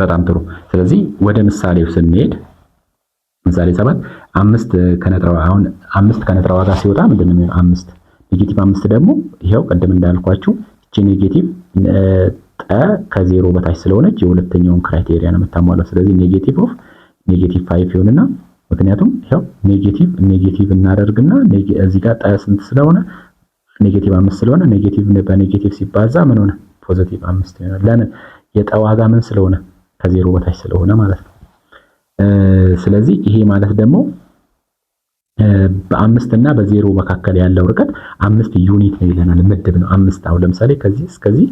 በጣም ጥሩ። ስለዚህ ወደ ምሳሌው ስንሄድ ምሳሌ ሰባት አምስት ከነጥራው አሁን አምስት ከነጥራው ጋር ሲወጣ ምንድነው የሚሆነው? አምስት ኔጌቲቭ አምስት ደግሞ ይሄው ቅድም እንዳልኳችሁ እቺ ኔጌቲቭ ጠ ከዜሮ በታች ስለሆነች የሁለተኛውን ክራይቴሪያ ነው የምታሟለው። ስለዚህ ኔጌቲቭ ኦፍ ኔጌቲቭ ፋይቭ ይሆንና ምክንያቱም ይሄው ኔጌቲቭ ኔጌቲቭ እናደርግና እዚህ ጋር ጠ ስንት ስለሆነ ኔጌቲቭ አምስት ስለሆነ ኔጌቲቭ በኔጌቲቭ ሲባዛ ምን ሆነ? ፖዘቲቭ አምስት ይሆናል። ለምን የጠዋጋ ምን ስለሆነ ከዜሮ በታች ስለሆነ ማለት ነው። ስለዚህ ይሄ ማለት ደግሞ በአምስት እና በዜሮ መካከል ያለው ርቀት አምስት ዩኒት ነው ይለናል። ምድብ ነው አምስት። አሁን ለምሳሌ ከዚህ እስከዚህ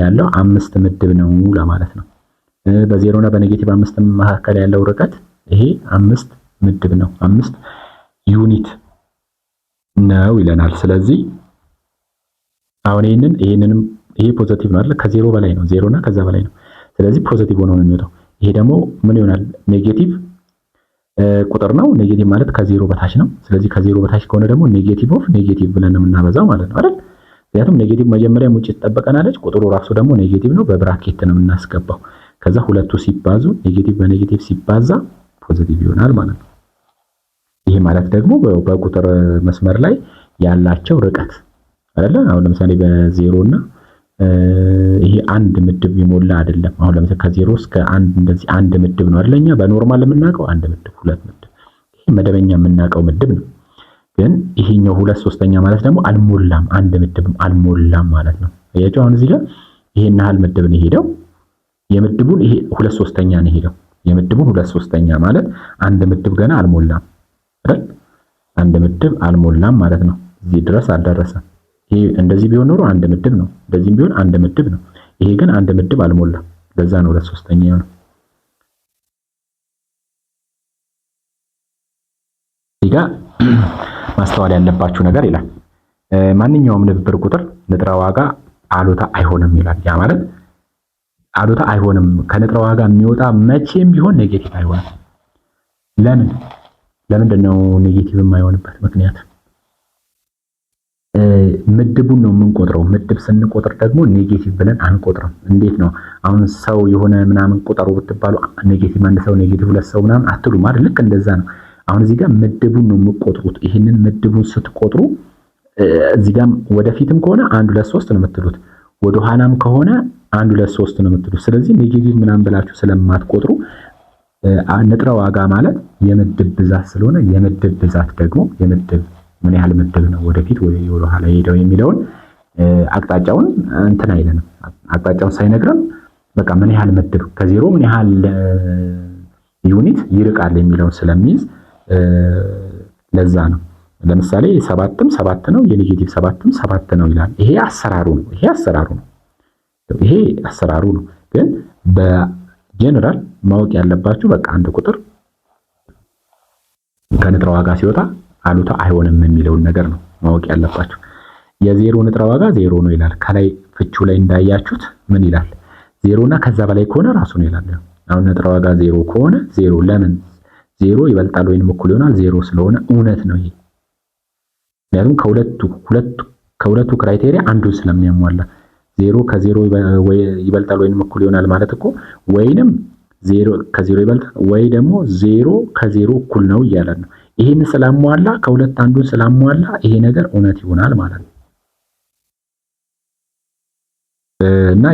ያለው አምስት ምድብ ነው ለማለት ነው። በዜሮ እና በኔጌቲቭ አምስት መካከል ያለው ርቀት ይሄ አምስት ምድብ ነው፣ አምስት ዩኒት ነው ይለናል። ስለዚህ አሁን ይህንን ይህንንም ይሄ ፖዘቲቭ ነው አይደል? ከዜሮ በላይ ነው። ዜሮ እና ከዛ በላይ ነው። ስለዚህ ፖዘቲቭ ሆኖ ነው የሚወጣው። ይሄ ደግሞ ምን ይሆናል? ኔጌቲቭ ቁጥር ነው። ኔጌቲቭ ማለት ከዜሮ በታች ነው። ስለዚህ ከዜሮ በታች ከሆነ ደግሞ ኔጌቲቭ ኦፍ ኔጌቲቭ ብለን የምናበዛው ማለት ነው አይደል? ምክንያቱም ኔጌቲቭ መጀመሪያ ውጭ ትጠበቀናለች። ቁጥሩ ራሱ ደግሞ ኔጌቲቭ ነው። በብራኬት ነው የምናስገባው። ከዛ ሁለቱ ሲባዙ ኔጌቲቭ በኔጌቲቭ ሲባዛ ፖዘቲቭ ይሆናል ማለት ነው። ይሄ ማለት ደግሞ በቁጥር መስመር ላይ ያላቸው ርቀት አይደለ? አሁን ለምሳሌ በዜሮ እና ይሄ አንድ ምድብ የሞላ አይደለም። አሁን ለምሳሌ ከዜሮ እስከ አንድ እንደዚህ አንድ ምድብ ነው አይደለኛ? በኖርማል የምናውቀው አንድ ምድብ፣ ሁለት ምድብ፣ ይሄ መደበኛ የምናውቀው ምድብ ነው። ግን ይሄኛው ሁለት ሶስተኛ ማለት ደግሞ አልሞላም፣ አንድ ምድብ አልሞላም ማለት ነው። አያችሁ አሁን እዚህ ጋር ይሄን ያህል ምድብ ነው የሄደው የምድቡን ይሄ ሁለት ሶስተኛ ነው የሄደው የምድቡን ሁለት ሶስተኛ ማለት አንድ ምድብ ገና አልሞላም አይደል? አንድ ምድብ አልሞላም ማለት ነው። እዚህ ድረስ አልደረሰም። ይሄ እንደዚህ ቢሆን ኖሮ አንድ ምድብ ነው። እንደዚህም ቢሆን አንድ ምድብ ነው። ይሄ ግን አንድ ምድብ አልሞላም። ለዛ ነው ሁለት ሶስተኛ የሆነው። እዚህ ጋር ማስተዋል ያለባችሁ ነገር ይላል ማንኛውም ንብብር ቁጥር ንጥረ ዋጋ አሉታ አይሆንም ይላል። ያ ማለት አሉታ አይሆንም ከንጥረ ዋጋ የሚወጣ መቼም ቢሆን ኔጌቲቭ አይሆንም። ለምን ለምንድን ነው ኔጌቲቭ የማይሆንበት ምክንያት? ምድቡን ነው የምንቆጥረው። ምድብ ስንቆጥር ደግሞ ኔጌቲቭ ብለን አንቆጥርም። እንዴት ነው አሁን ሰው የሆነ ምናምን ቁጠሩ ብትባሉ ኔጌቲቭ አንድ ሰው፣ ኔጌቲቭ ሁለት ሰው ምናምን አትሉ ማለት ልክ እንደዛ ነው። አሁን እዚህ ጋር ምድቡን ነው የምቆጥሩት። ይህንን ምድቡን ስትቆጥሩ እዚህ ጋር ወደፊትም ከሆነ አንድ ሁለት ሶስት ነው የምትሉት፣ ወደኋላም ከሆነ አንድ ሁለት ሶስት ነው የምትሉት። ስለዚህ ኔጌቲቭ ምናምን ብላችሁ ስለማትቆጥሩ ንጥረ ዋጋ ማለት የምድብ ብዛት ስለሆነ የምድብ ብዛት ደግሞ የምድብ ምን ያህል ምድብ ነው ወደፊት ወደ ኋላ ሄደው የሚለውን አቅጣጫውን እንትን አይለንም። አቅጣጫውን ሳይነግረን በቃ ምን ያህል ምድብ ከዜሮ ምን ያህል ዩኒት ይርቃል የሚለውን ስለሚይዝ ለዛ ነው። ለምሳሌ ሰባትም ሰባት ነው የኔጌቲቭ ሰባትም ሰባት ነው ይላል። ይሄ አሰራሩ ነው። ይሄ አሰራሩ ነው። ይሄ አሰራሩ ነው። ግን በጀነራል ማወቅ ያለባችሁ በቃ አንድ ቁጥር ከንጥረ ዋጋ ሲወጣ አሉታ አይሆንም የሚለውን ነገር ነው ማወቅ ያለባችሁ። የዜሮ ንጥረ ዋጋ ዜሮ ነው ይላል። ከላይ ፍቹ ላይ እንዳያችሁት ምን ይላል? ዜሮ እና ከዛ በላይ ከሆነ ራሱ ነው ይላል። አሁን ንጥረ ዋጋ ዜሮ ከሆነ ዜሮ ለምን ዜሮ ይበልጣል ወይንም እኩል ይሆናል? ዜሮ ስለሆነ እውነት ነው ይሄ። ምክንያቱም ከሁለቱ ሁለቱ ከሁለቱ ክራይቴሪያ አንዱን ስለሚያሟላ ዜሮ ከዜሮ ይበልጣል ወይንም እኩል ይሆናል ማለት እኮ ወይንም ዜሮ ከዜሮ ይበልጣል ወይ ደግሞ ዜሮ ከዜሮ እኩል ነው እያለን ነው። ይህን ስላሟላ ከሁለት አንዱን ስላሟላ ይሄ ነገር እውነት ይሆናል ማለት ነው እና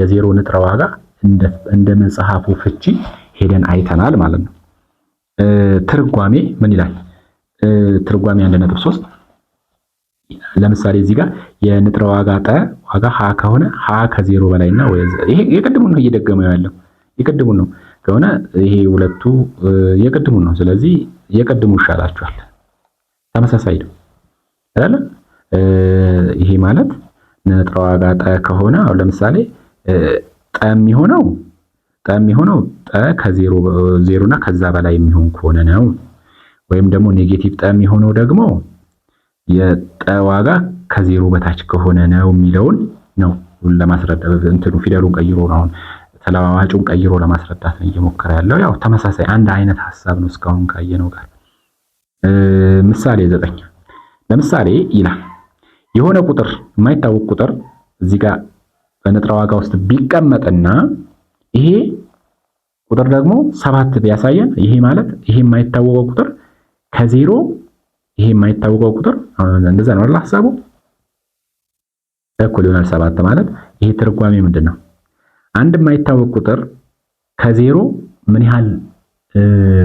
የዜሮ ንጥረ ዋጋ እንደ መጽሐፉ ፍቺ ሄደን አይተናል ማለት ነው። ትርጓሜ ምን ይላል? ትርጓሜ አንድ ነጥብ ሶስት ለምሳሌ እዚህ ጋር የንጥረ ዋጋ ጠ ዋጋ ሀ ከሆነ ሀ ከዜሮ በላይና ወይ ይሄ የቅድሙን ነው እየደገመው ያለው የቅድሙን ነው። ከሆነ ይሄ ሁለቱ የቅድሙ ነው። ስለዚህ የቅድሙ ይሻላችኋል። ተመሳሳይ ነው አይደል? ይሄ ማለት ንጥረ ዋጋ ጠ ከሆነ አሁን ለምሳሌ ጠ የሚሆነው ጠ የሚሆነው ጠ ከዜሮ ዜሮ እና ከዛ በላይ የሚሆን ከሆነ ነው። ወይም ደግሞ ኔጌቲቭ ጠ የሚሆነው ደግሞ የጠ ዋጋ ከዜሮ በታች ከሆነ ነው የሚለውን ነው ለማስረዳት እንትኑ ፊደሉን ቀይሮ ነው አሁን ተለዋዋጩን ቀይሮ ለማስረዳት ነው እየሞከረ ያለው። ያው ተመሳሳይ አንድ አይነት ሀሳብ ነው እስካሁን ካየነው ጋር። ምሳሌ ዘጠኝ ለምሳሌ ይላል የሆነ ቁጥር የማይታወቅ ቁጥር እዚህ ጋር በንጥረ ዋጋ ውስጥ ቢቀመጥና ይሄ ቁጥር ደግሞ ሰባት ቢያሳየን ይሄ ማለት ይሄ የማይታወቀው ቁጥር ከዜሮ ይሄ የማይታወቀው ቁጥር እንደዛ ነው አይደል? ሀሳቡ እኩል ይሆናል ሰባት ማለት ይሄ ትርጓሜ ምንድን ነው? አንድ የማይታወቅ ቁጥር ከዜሮ ምን ያህል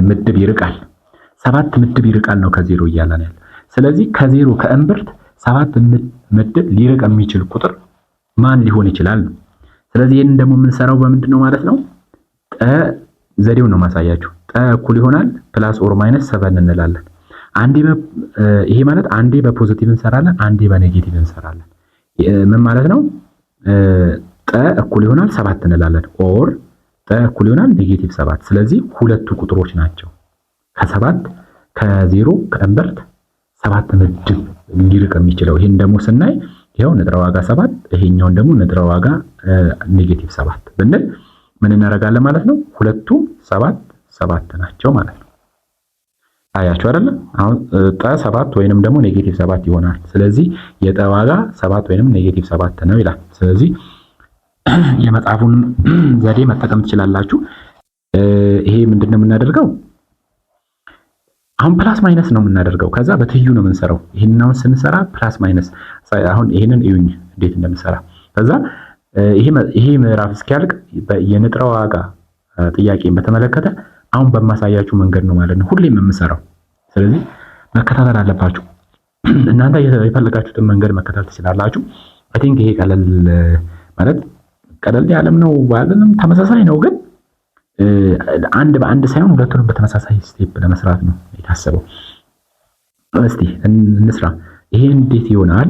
ምድብ ይርቃል? ሰባት ምድብ ይርቃል ነው ከዜሮ እያለን ያለ። ስለዚህ ከዜሮ ከእምብርት ሰባት ምድብ ሊርቅ የሚችል ቁጥር ማን ሊሆን ይችላል? ስለዚህ ይህንን ደግሞ የምንሰራው በምንድን ነው ማለት ነው? ጠ ዘዴው ነው ማሳያችሁ። ጠ እኩል ይሆናል ፕላስ ኦር ማይነስ ሰበን እንላለን። አንዴ ይሄ ማለት አንዴ በፖዚቲቭ እንሰራለን፣ አንዴ በኔጌቲቭ እንሰራለን። ምን ማለት ነው? ጠ እኩል ይሆናል ሰባት እንላለን። ኦር ጠ እኩል ይሆናል ኔጌቲቭ ሰባት። ስለዚህ ሁለቱ ቁጥሮች ናቸው ከሰባት ከዜሮ ከእምብርት ሰባት ምድብ ሊርቅ የሚችለው። ይህን ደግሞ ስናይ ይኸው ንጥረ ዋጋ ሰባት፣ ይሄኛውን ደግሞ ንጥረ ዋጋ ኔጌቲቭ ሰባት ብንል ምን እናደርጋለን ማለት ነው? ሁለቱም ሰባት ሰባት ናቸው ማለት ነው። አያችሁ አይደለ? አሁን ጠ ሰባት ወይንም ደግሞ ኔጌቲቭ ሰባት ይሆናል። ስለዚህ የጠ ዋጋ ሰባት ወይንም ኔጌቲቭ ሰባት ነው ይላል። ስለዚህ የመጣፉን ዘዴ መጠቀም ትችላላችሁ። ይሄ ምንድን ነው የምናደርገው? አሁን ፕላስ ማይነስ ነው የምናደርገው። ከዛ በትይዩ ነው የምንሰራው። ይህንን አሁን ስንሰራ ፕላስ ማይነስ አሁን ይህንን እዩኝ እንዴት እንደምሰራ። ከዛ ይሄ ምዕራፍ እስኪያልቅ የንጥረ ዋጋ ጥያቄን በተመለከተ አሁን በማሳያችሁ መንገድ ነው ማለት ነው ሁሌም የምሰራው። ስለዚህ መከታተል አለባችሁ። እናንተ የፈለጋችሁትን መንገድ መከታተል ትችላላችሁ። አይ ቲንክ ይሄ ቀለል ማለት ቀለል ያለም ነው ባልንም ተመሳሳይ ነው፣ ግን አንድ በአንድ ሳይሆን ሁለቱንም በተመሳሳይ ስቴፕ ለመስራት ነው የታሰበው። እስቲ እንስራ። ይሄ እንዴት ይሆናል?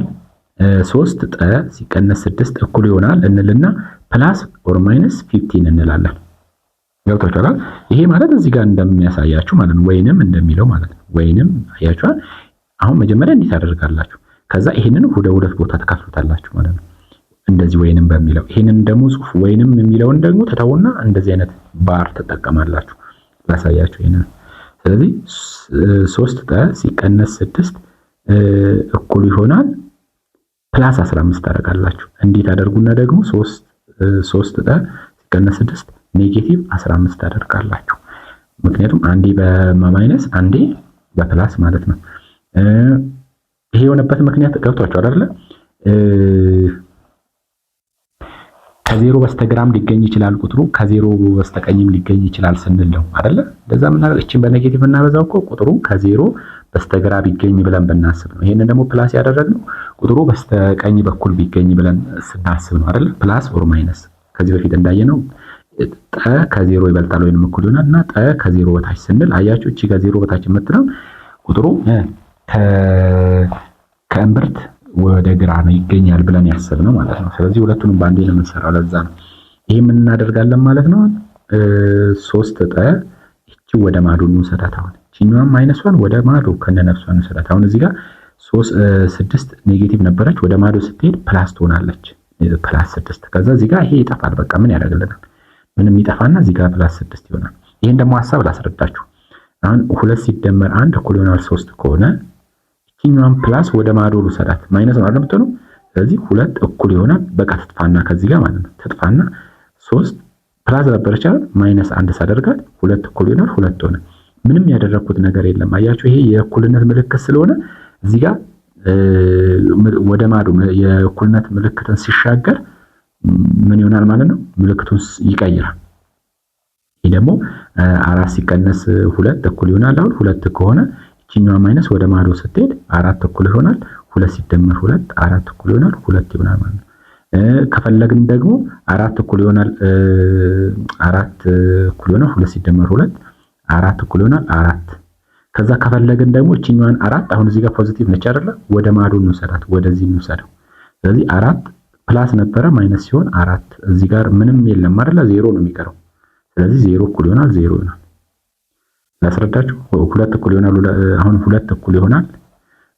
ሶስት ጠ ሲቀነስ ስድስት እኩል ይሆናል እንልና ፕላስ ኦር ማይነስ ፊፍቲን እንላለን። ገብቷችኋል? ይሄ ማለት እዚህ ጋር እንደሚያሳያችሁ ማለት ነው፣ ወይንም እንደሚለው ማለት ነው። ወይንም አያችኋል። አሁን መጀመሪያ እንዴት ታደርጋላችሁ? ከዛ ይሄንን ወደ ሁለት ቦታ ተካፍሉታላችሁ ማለት ነው። እንደዚህ ወይንም በሚለው ይህንን ደግሞ ጽሁፍ ወይንም የሚለውን ደግሞ ተተውና እንደዚህ አይነት ባር ትጠቀማላችሁ። ላሳያችሁ ይሄን። ስለዚህ ሶስት ጠ ሲቀነስ ስድስት እኩል ይሆናል ፕላስ 15 ታደርጋላችሁ። እንዲህ ታደርጉና ደግሞ ሶስት ጠ ሲቀነስ ስድስት ኔጌቲቭ 15 ታደርጋላችሁ። ምክንያቱም አንዴ በማይነስ አንዴ በፕላስ ማለት ነው። ይሄ የሆነበት ምክንያት ገብቷችሁ አይደለ? ከዜሮ በስተግራም ሊገኝ ይችላል ቁጥሩ ከዜሮ በስተቀኝም ሊገኝ ይችላል ስንል ነው አይደለ? እንደዛ የምናደርገው እቺን በኔጌቲቭ እናበዛው እኮ ቁጥሩ ከዜሮ በስተግራ ቢገኝ ብለን ብናስብ ነው። ይሄንን ደግሞ ፕላስ ያደረግነው ቁጥሩ በስተቀኝ በኩል ቢገኝ ብለን ስናስብ ነው አይደለ? ፕላስ ኦር ማይነስ ከዚህ በፊት እንዳየነው ጠ ከዜሮ ይበልጣል ወይንም እኩል ይሆናል እና ጠ ከዜሮ በታች ስንል አያችሁ፣ እቺ ከዜሮ በታች የምትለው ቁጥሩ ከእምብርት ወደ ግራ ነው ይገኛል ብለን ያስብ ነው ማለት ነው። ስለዚህ ሁለቱንም በአንዴ ነው የምንሰራው። ለዛ ነው ይሄ ምን እናደርጋለን ማለት ነው። ሶስት ጠ እቺ ወደ ማዶ እንውሰዳት። አሁን ይችኛዋም ማይነሷን ወደ ማዶ ከነነፍሷ እንውሰዳት። አሁን እዚህ ጋር ስድስት ኔጌቲቭ ነበረች። ወደ ማዶ ስትሄድ ፕላስ ትሆናለች፣ ፕላስ ስድስት። ከዛ እዚህ ጋር ይሄ ይጠፋል። በቃ ምን ያደርግልናል? ምንም ይጠፋና እዚህ ጋር ፕላስ ስድስት ይሆናል። ይህን ደግሞ ሀሳብ ላስረዳችሁ። አሁን ሁለት ሲደመር አንድ እኩል ይሆናል ሶስት ከሆነ ይችኛዋን ፕላስ ወደ ማዶ ልውሰዳት ማይነስ ነው አይደል የምትሆነው። ስለዚህ ሁለት እኩል ይሆናል። በቃ ትጥፋና ከዚህ ጋር ማለት ነው ትጥፋና ሶስት ፕላስ ነበረች አይደል ማይነስ አንድ ሳደርጋት ሁለት እኩል ይሆናል። ሁለት ሆነ። ምንም ያደረግኩት ነገር የለም። አያችሁ፣ ይሄ የእኩልነት ምልክት ስለሆነ እዚህ ጋር ወደ ማዶ የእኩልነት ምልክትን ሲሻገር ምን ይሆናል ማለት ነው? ምልክቱን ይቀይራል። ይህ ደግሞ አራት ሲቀነስ ሁለት እኩል ይሆናል። አሁን ሁለት ከሆነ ይችኛዋ ማይነስ ወደ ማዶ ስትሄድ አራት እኩል ይሆናል። ሁለት ሲደመር ሁለት አራት እኩል ይሆናል ሁለት ይሆናል ማለት ነው። ከፈለግን ደግሞ አራት እኩል ይሆናል አራት እኩል ይሆናል ሁለት ሲደመር ሁለት አራት እኩል ይሆናል አራት። ከዛ ከፈለግን ደግሞ ይችኛዋን አራት አሁን እዚህ ጋር ፖዚቲቭ ነች አይደለ? ወደ ማዶ እንውሰዳት፣ ወደዚህ እንውሰደው። ስለዚህ አራት ፕላስ ነበረ ማይነስ ሲሆን አራት። እዚህ ጋር ምንም የለም አይደለ? ዜሮ ነው የሚቀረው። ስለዚህ ዜሮ እኩል ይሆናል ዜሮ ይሆናል። ላስረዳችሁ። ሁለት እኩል ይሆናል። አሁን ሁለት እኩል ይሆናል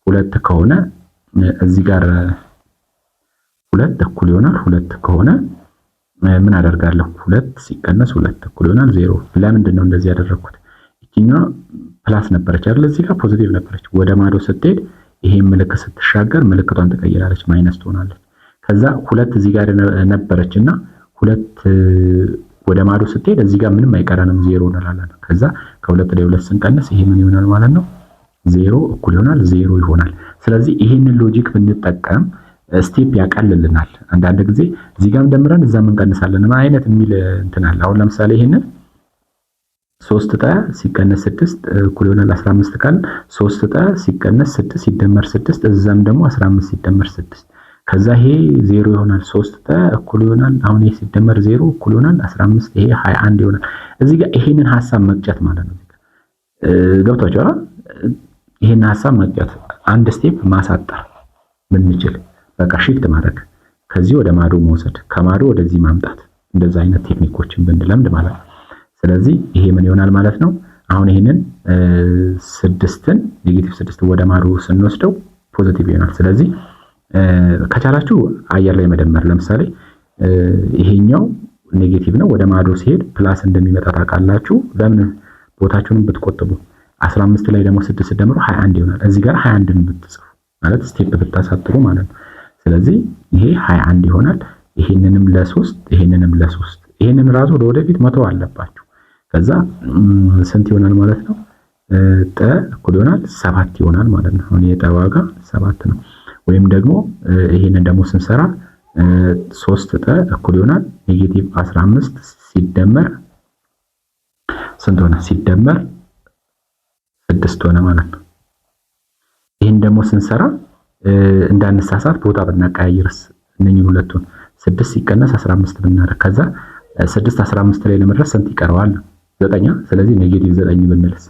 ሁለት ከሆነ እዚህ ጋር ሁለት እኩል ይሆናል ሁለት ከሆነ ምን አደርጋለሁ? ሁለት ሲቀነስ ሁለት እኩል ይሆናል ዜሮ። ለምንድን ነው እንደዚህ ያደረግኩት? ይችኛዋ ፕላስ ነበረች አይደል? እዚህ ጋር ፖዚቲቭ ነበረች። ወደ ማዶ ስትሄድ ይሄ ምልክት ስትሻገር ምልክቷን ትቀይራለች፣ ማይነስ ትሆናለች። ከዛ ሁለት እዚህ ጋር ነበረች እና ሁለት ወደ ማዶ ስትሄድ እዚህ ጋር ምንም አይቀረንም ዜሮ እንላለን። ከዛ ከሁለት ላይ ሁለት ስንቀንስ ይሄ ምን ይሆናል ማለት ነው? ዜሮ እኩል ይሆናል ዜሮ ይሆናል። ስለዚህ ይሄንን ሎጂክ ብንጠቀም ስቴፕ ያቀልልናል። አንዳንድ ጊዜ እዚህ ጋም ደምረን እዛም እንቀንሳለን አይነት የሚል እንትን አለ። አሁን ለምሳሌ ይሄንን ሶስት ጠ ሲቀነስ ስድስት እኩል ይሆናል አስራ አምስት ካልን ሶስት ጠ ሲቀነስ ስድስት ሲደመር ስድስት እዛም ደግሞ አስራ አምስት ሲደመር ስድስት ከዛ ይሄ ዜሮ ይሆናል። ሶስት ጠ እኩል ይሆናል አሁን ይሄ ሲደመር ዜሮ እኩል ይሆናል 15 ይሄ 21 ይሆናል። እዚህ ጋር ይሄንን ሐሳብ መቅጨት ማለት ነው። ገብቷችኋል? ይሄን ሐሳብ መቅጨት አንድ ስቴፕ ማሳጠር ብንችል በቃ ሺፍት ማድረግ ከዚህ ወደ ማዶ መውሰድ ከማዶ ወደዚህ ማምጣት እንደዛ አይነት ቴክኒኮችን ብንለምድ ማለት ነው። ስለዚህ ይሄ ምን ይሆናል ማለት ነው። አሁን ይሄንን ስድስትን ኔጌቲቭ ስድስትን ወደ ማዶ ስንወስደው ፖዚቲቭ ይሆናል። ስለዚህ ከቻላችሁ አየር ላይ መደመር። ለምሳሌ ይሄኛው ኔጌቲቭ ነው፣ ወደ ማዶ ሲሄድ ፕላስ እንደሚመጣ ታውቃላችሁ። ለምን ቦታችሁንም ብትቆጥቡ 15 ላይ ደግሞ 6 ደምሮ 21 ይሆናል። እዚህ ጋር 21ን ብትጽፉ ማለት ስቴፕ ብታሳጥሩ ማለት ነው። ስለዚህ ይሄ 21 ይሆናል። ይሄንንም ለሶስት ይሄንንም ለሶስት ይሄንን ራሱ ለወደፊት መተው አለባችሁ። ከዛ ስንት ይሆናል ማለት ነው? ጠ እኩል ይሆናል ሰባት ይሆናል ማለት ነው። አሁን የጠ ዋጋ ሰባት ነው። ወይም ደግሞ ይሄንን ደግሞ ስንሰራ ሶስት ጠ እኩል ይሆናል ኔጌቲቭ 15 ሲደመር ስንት ሆነ? ሲደመር ስድስት ሆነ ማለት ነው። ይህን ደግሞ ስንሰራ እንዳንሳሳት ቦታ ብናቀያይርስ እነኝን ሁለቱን ስድስት ሲቀነስ 15 ብናደርግ ከዛ ስድስት 15 ላይ ለመድረስ ስንት ይቀረዋል? ዘጠኛ። ስለዚህ ኔጌቲቭ ዘጠኝ ብንልስ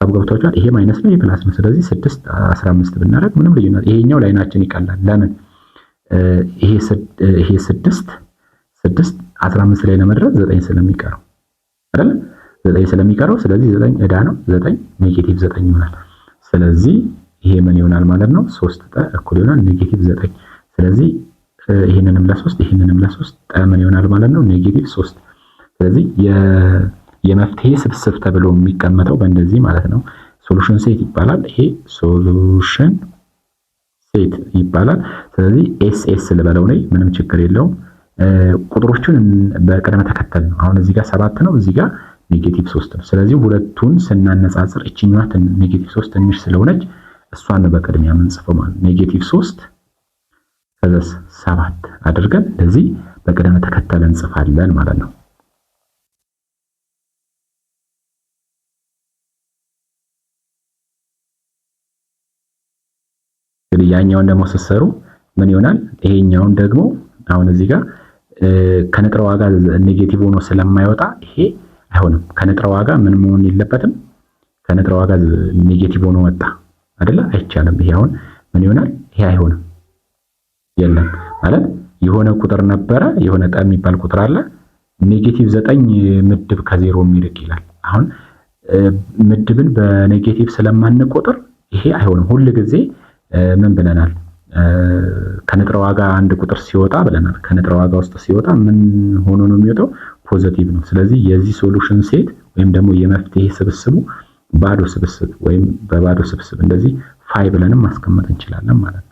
ሀሳብ ገብቷቸዋል። ይሄ ማይነስ ነው፣ ይሄ ፕላስ ነው። ስለዚህ ስድስት አስራ አምስት ብናደርግ ምንም ልዩነት ይሄኛው ላይናችን ይቀላል። ለምን ይሄ ስድስት ስድስት አስራ አምስት ላይ ለመድረስ ዘጠኝ ስለሚቀረው አይደል? ዘጠኝ ስለሚቀረው ስለዚህ ዘጠኝ እዳ ነው። ዘጠኝ ኔጌቲቭ ዘጠኝ ይሆናል። ስለዚህ ይሄ ምን ይሆናል ማለት ነው? ሶስት ጠ እኩል ይሆናል ኔጌቲቭ ዘጠኝ። ስለዚህ ይህንንም ለሶስት ይህንንም ለሶስት ጠ ምን ይሆናል ማለት ነው? ኔጌቲቭ ሶስት። ስለዚህ የመፍትሄ ስብስብ ተብሎ የሚቀመጠው በእንደዚህ ማለት ነው። ሶሉሽን ሴት ይባላል። ይሄ ሶሉሽን ሴት ይባላል። ስለዚህ ኤስ ኤስ ልበለው ላይ ምንም ችግር የለውም። ቁጥሮቹን በቅደም ተከተል ነው። አሁን እዚህ ጋር ሰባት ነው፣ እዚህ ጋር ኔጌቲቭ ሶስት ነው። ስለዚህ ሁለቱን ስናነጻጽር እችኛዋ ኔጌቲቭ ሶስት ትንሽ ስለሆነች እሷን ነው በቅድሚያ የምንጽፈው ማለት ነው። ኔጌቲቭ ሶስት ከዛ ሰባት አድርገን እንደዚህ በቅደመ ተከተል እንጽፋለን ማለት ነው። ያኛውን ደግሞ ስትሰሩ ምን ይሆናል? ይሄኛውን ደግሞ አሁን እዚህ ጋር ከንጥረ ዋጋ ኔጌቲቭ ሆኖ ስለማይወጣ ይሄ አይሆንም። ከንጥረ ዋጋ ምን መሆን የለበትም። ከንጥረ ዋጋ ኔጌቲቭ ሆኖ ወጣ አይደለ? አይቻልም። ይሄ አሁን ምን ይሆናል? ይሄ አይሆንም። የለም ማለት የሆነ ቁጥር ነበረ የሆነ ጠ የሚባል ቁጥር አለ ኔጌቲቭ ዘጠኝ ምድብ ከዜሮ የሚርቅ ይላል። አሁን ምድብን በኔጌቲቭ ስለማንቆጥር ይሄ አይሆንም ሁል ጊዜ ምን ብለናል? ከንጥረ ዋጋ አንድ ቁጥር ሲወጣ ብለናል። ከንጥረ ዋጋ ውስጥ ሲወጣ ምን ሆኖ ነው የሚወጣው? ፖዘቲቭ ነው። ስለዚህ የዚህ ሶሉሽን ሴት ወይም ደግሞ የመፍትሄ ስብስቡ ባዶ ስብስብ ወይም በባዶ ስብስብ እንደዚህ ፋይ ብለንም ማስቀመጥ እንችላለን ማለት ነው።